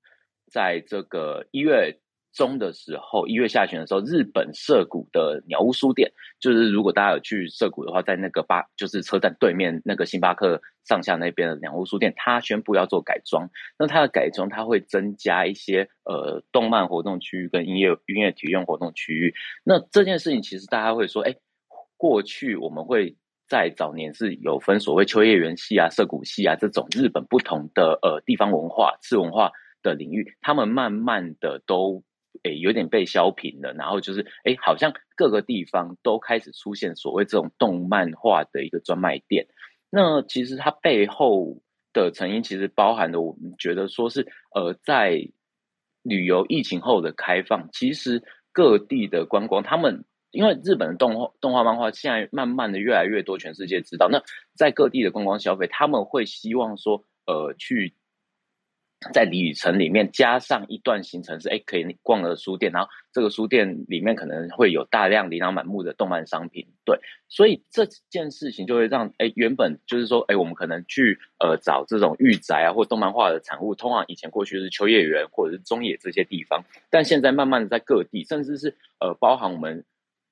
在這個一月中的時候，一月下旬的時候，日本澀谷的蔦屋書店，就是如果大家有去澀谷的話，在那個巴，就是車站對面那個星巴克上下那邊的蔦屋書店，它宣布要做改裝。那它的改裝，它會增加一些呃動漫活動區域跟音樂音樂體驗活動區域。那這件事情其實大家會說，哎，過去我們會在早年是有分所謂秋葉原系啊、澀谷系啊，這種日本不同的呃地方文化、次文化。的領域，他們慢慢的都誒、欸、有點被削平了，然後就是誒、欸，好像各個地方都開始出現所謂這種動漫畫的一個專賣店。那其實它背後的成因，其實包含了我們覺得說是，呃，在旅遊疫情後的開放，其實各地的觀光，他們因為日本的動畫、動畫、漫畫現在慢慢的越來越多，全世界知道，那在各地的觀光消費，他們會希望說，呃，去。在旅程裡面加上一段行程是、欸、可以逛的書店，然後這個書店裡面可能會有大量琳琅滿目的動漫商品。對，所以這件事情就會讓、欸、原本就是說哎、欸，我們可能去呃找這種御宅啊，或動漫化的產物，通常以前過去是秋葉原或者是中野這些地方，但現在慢慢的在各地，甚至是呃包含我們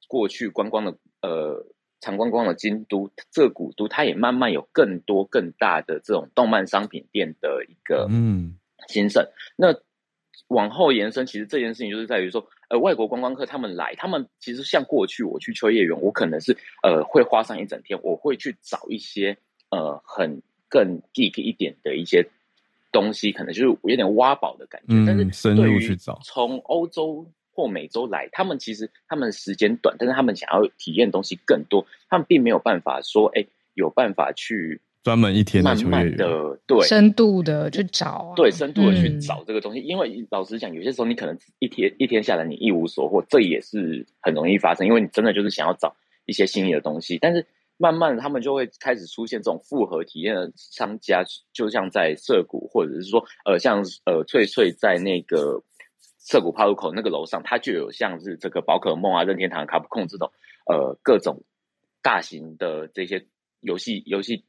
過去觀光的呃常觀光的京都這古都，它也慢慢有更多更大的這種動漫商品店的一個嗯。先生，那往後延伸，其實這件事情就是在於說，呃，外國觀光客他們來，他們其實像過去我去秋葉原，我可能是呃會花上一整天，我會去找一些呃很更 geek 一點的一些東西，可能就是有點挖寶的感覺，嗯、但是深入去找。從歐洲或美洲來，他們其實他們時間短，但是他們想要體驗的東西更多，他們並沒有辦法說，哎、欸，有辦法去。專門一天的，慢慢的，對深度的去找，啊，對深度的去找這個東西，嗯、因為老實講，有些時候你可能一天一天下來你一無所獲，這也是很容易發生，因為你真的就是想要找一些心儀的東西，但是慢慢的他們就會開始出現這種複合體驗的商家，就像在澀谷，或者是說呃像呃翠翠在那個澀谷帕路口那個樓上，它就有像是這個寶可夢啊、任天堂卡布控這種呃各種大型的這些遊戲遊戲。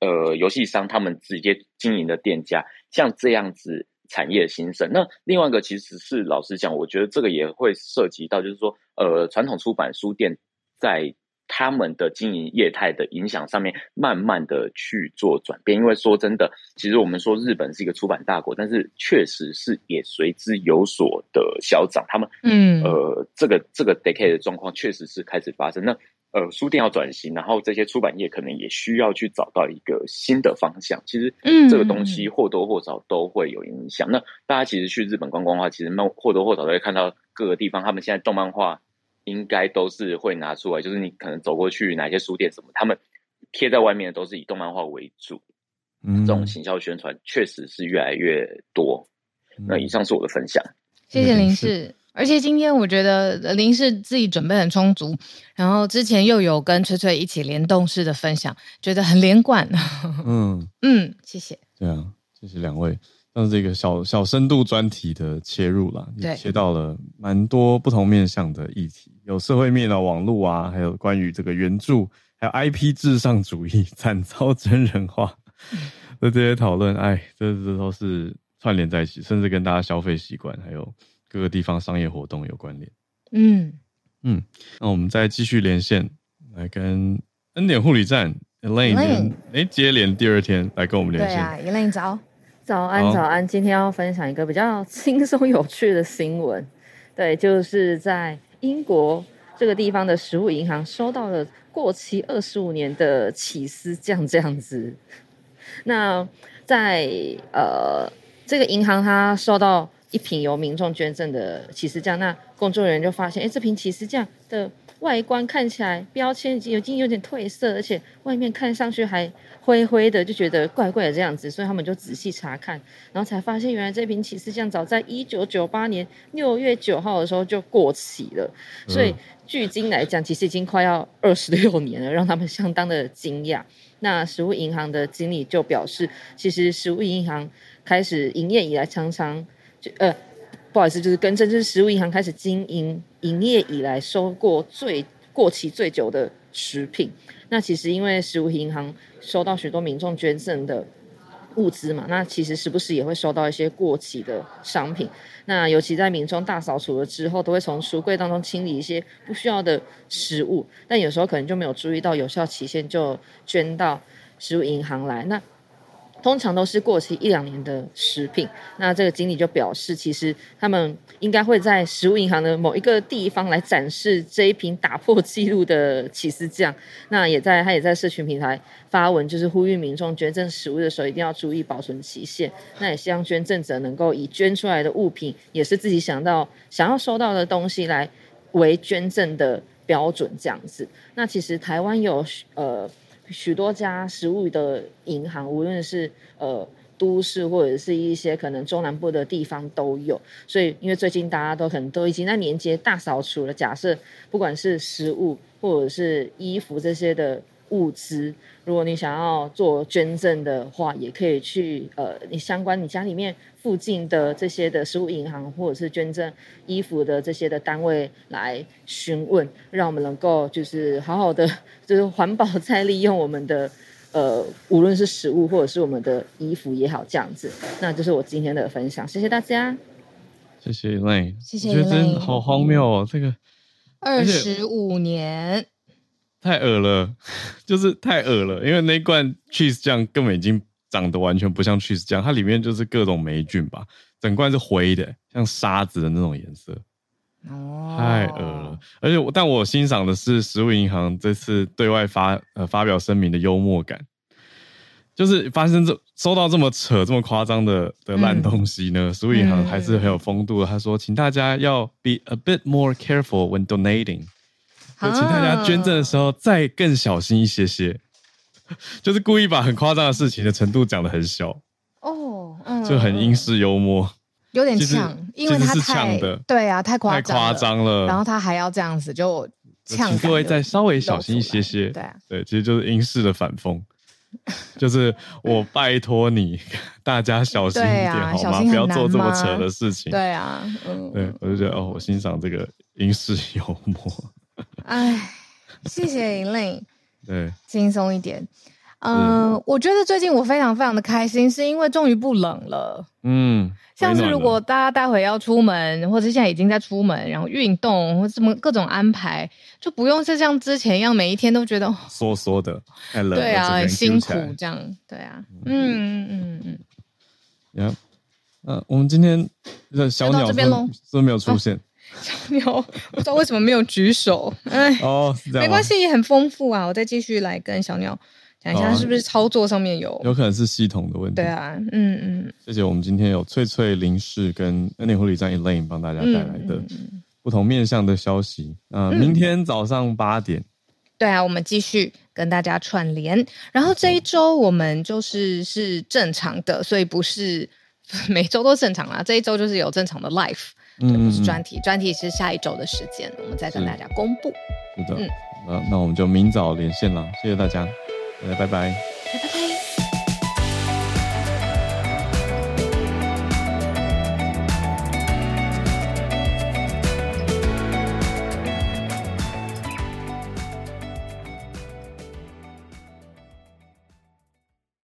呃，遊戲商他們直接經營的店家，像這樣子產業興盛。那另外一個其實是，老實講，我覺得這個也會涉及到，就是說，呃，傳統出版書店在他們的經營業態的影響上面，慢慢的去做轉變。因為說真的，其實我們說日本是一個出版大國，但是確實是也隨之有所的消長。他們，嗯，呃，這個這個 decade 的狀況確實是開始發生。那呃，書店要轉型，然後這些出版業可能也需要去找到一個新的方向。其實，嗯，這個東西或多或少都會有影響。嗯。那大家其實去日本觀光的話，其實慢或多或少都會看到各個地方，他們現在動漫畫應該都是會拿出來，就是你可能走過去哪些書店什麼，他們貼在外面的都是以動漫畫為主。嗯，這種行銷宣傳確實是越來越多。嗯。那以上是我的分享，謝謝零式。 而且今天我覺得林是自己準備很充足，然後之前又有跟翠翠一起聯動式的分享，覺得很連貫。 嗯嗯，謝謝。對啊，謝謝兩位。像這個小小深度專題的切入了，也切到了蠻多不同面向的議題，有社會面的網絡啊，還有關於這個原著，還有 IP 至上主義慘遭真人化，那 這些討論，哎，這這都是串聯在一起，甚至跟大家消費習慣還有。各個地方商業活動有關聯。嗯嗯，那我們再繼續連線，來跟恩典護理站 Elaine、哎、接連第二天來跟我們連線。Elaine、對啊、早，早安早安。今天要分享一個比較輕鬆有趣的新聞，對，就是在英國這個地方的食物銀行收到了過期二十五年的起司醬，這樣子。那在呃，這個銀行它收到。一瓶由民眾捐贈的起司醬，那工作人員就發現，哎，這瓶起司醬的外觀看起來標籤已經已經有點褪色，而且外面看上去還灰灰的，就覺得怪怪的這樣子，所以他們就仔細查看，然後才發現原來這瓶起司醬早在一九九八年六月九號的時候就過期了，所以距今來講，其實已經快要二十六年了，讓他們相當的驚訝。那食物銀行的經理就表示，其實食物銀行開始營業以來，常常就呃，不好意思，就是更正，就是，食物銀行開始經營營業以來，收過最過期最久的食品。那其實因為食物銀行收到許多民眾捐贈的物資嘛，那其實時不時也會收到一些過期的商品。那尤其在民眾大掃除了之後，都會從書櫃當中清理一些不需要的食物，但有時候可能就沒有注意到有效期限，就捐到食物銀行來。那通常都是過期一兩年的食品。那這個經理就表示，其實他們應該會在食物銀行的某一個地方來展示這一瓶打破紀錄的起司醬。那也在他也在社群平台發文，就是呼籲民眾捐贈食物的時候一定要注意保存期限。那也希望捐贈者能夠以捐出來的物品，也是自己想到想要收到的東西來為捐贈的標準，這樣子。那其實台灣有呃。許多家食物的銀行，無論是呃都市或者是一些可能中南部的地方都有。所以，因為最近大家都可能都已經在年節大掃除了。假設不管是食物或者是衣服這些的。物資，如果你想要做捐贈的話，也可以去呃，你相關你家裡面附近的這些的食物銀行，或者是捐贈衣服的這些的單位來詢問，讓我們能夠就是好好的就是環保再利用我們的呃，無論是食物或者是我們的衣服也好，這樣子。那這是我今天的分享，謝謝大家，謝謝 Elaine，謝謝 Elaine，我覺得好荒謬哦，這個二十五年。太惡了，就是太惡了，因為那罐 cheese 醬根本已經長得完全不像 cheese 醬，它裡面就是各種霉菌吧，整罐是灰的，像沙子的那種顏色。哦、太惡了！而且，但我欣賞的是食物銀行這次對外發呃發表聲明的幽默感，就是發生這收到這麼扯、這麼誇張的的爛東西呢，嗯、食物銀行還是很有風度的。他、嗯、說：“請大家要 be a bit more careful when donating。”請大家捐贈的時候、啊、再更小心一些些，就是故意把很誇張的事情的程度講得很小哦、嗯，就很英式幽默，有點嗆，因為他是嗆的，對啊，太誇張，誇張了。然後他還要這樣子就嗆各位再稍微小心一些些，對、啊、對，其實就是英式的反諷， 就是我拜托你大家小心一點、啊、好嗎，嗎？不要做這麼扯的事情，對啊，嗯，對，我就覺得哦，我欣賞這個英式幽默。哎，謝謝玲玲。對，輕鬆一點。嗯、呃，我覺得最近我非常非常的開心，是因為終於不冷了。嗯，像是如果大家待會要出門，或者現在已經在出門，然後運動或什麼各種安排，就不用是像之前一樣，每一天都覺得縮縮的，太冷了。對啊，很辛苦這樣。對啊，嗯嗯嗯嗯。嗯嗯、Yeah. 呃，我們今天的小鳥到這邊咯都都沒有出現。哦小鳥我不知道為什麼沒有舉手，哎 哦，是，沒關係，也很豐富啊，我再繼續來跟小鳥講一下，哦，是不是操作上面有，有可能是系統的問題，對啊，嗯嗯，謝謝我們今天有翠翠、零式跟安寧護理站 Elaine 幫大家帶來的不同面向的消息，嗯，嗯、呃，明天早上八點，對啊，我們繼續跟大家串連，然後這一周我們就是是正常的，所以不是每周都正常啊，這一周就是有正常的 life。嗯，不是專題、嗯，專題是下一周的時間，我們再跟大家公布。是，是的，那、嗯、那我們就明早連線了，謝謝大家，大家拜拜，拜拜。